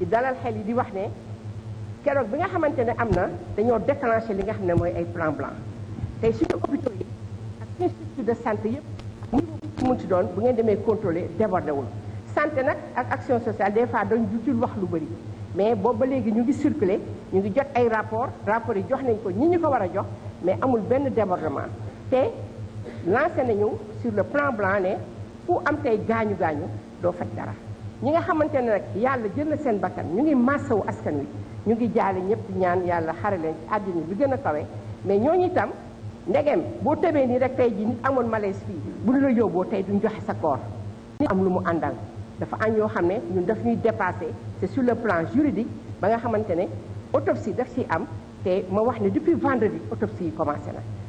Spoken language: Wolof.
di dalal xel yi di wax ne keroog bi nga xamante ne am na dañoo déclenché li nga xam ne mooy ay plan blanc tey suñu hôpitaux yi ak suñu structure de santé yëpp mu bu ci doon bu ngeen demee contrôler débordé wul santé nag ak action sociale des fois dañ du wax lu bëri mais boobu ba léegi ñu ngi circulé ñu ngi jot ay rapport rapport yi jox nañ ko ñi ñu ko war a jox mais amul benn débordement te lancé nañu sur le plan blanc ne ku am tey gaañu gaañu doo faj ñi nga xamante ne nag yàlla jël na seen bakkan ñu ngi wu askan wi ñu ngi jaale ñëpp ñaan yàlla xare leen ci àddina bi gën a kawe mais ñooñu itam ndegem boo tëbee nii rek tey ji nit amoon malaise fii bu ñu la yóbboo tey duñ joxe sa koor am lu mu àndal dafa am yoo xam ne ñun daf ñuy dépassé c'est sur le plan juridique ba nga xamante ne autopsie daf ci am te ma wax ne depuis vendredi autopsie yi commencé na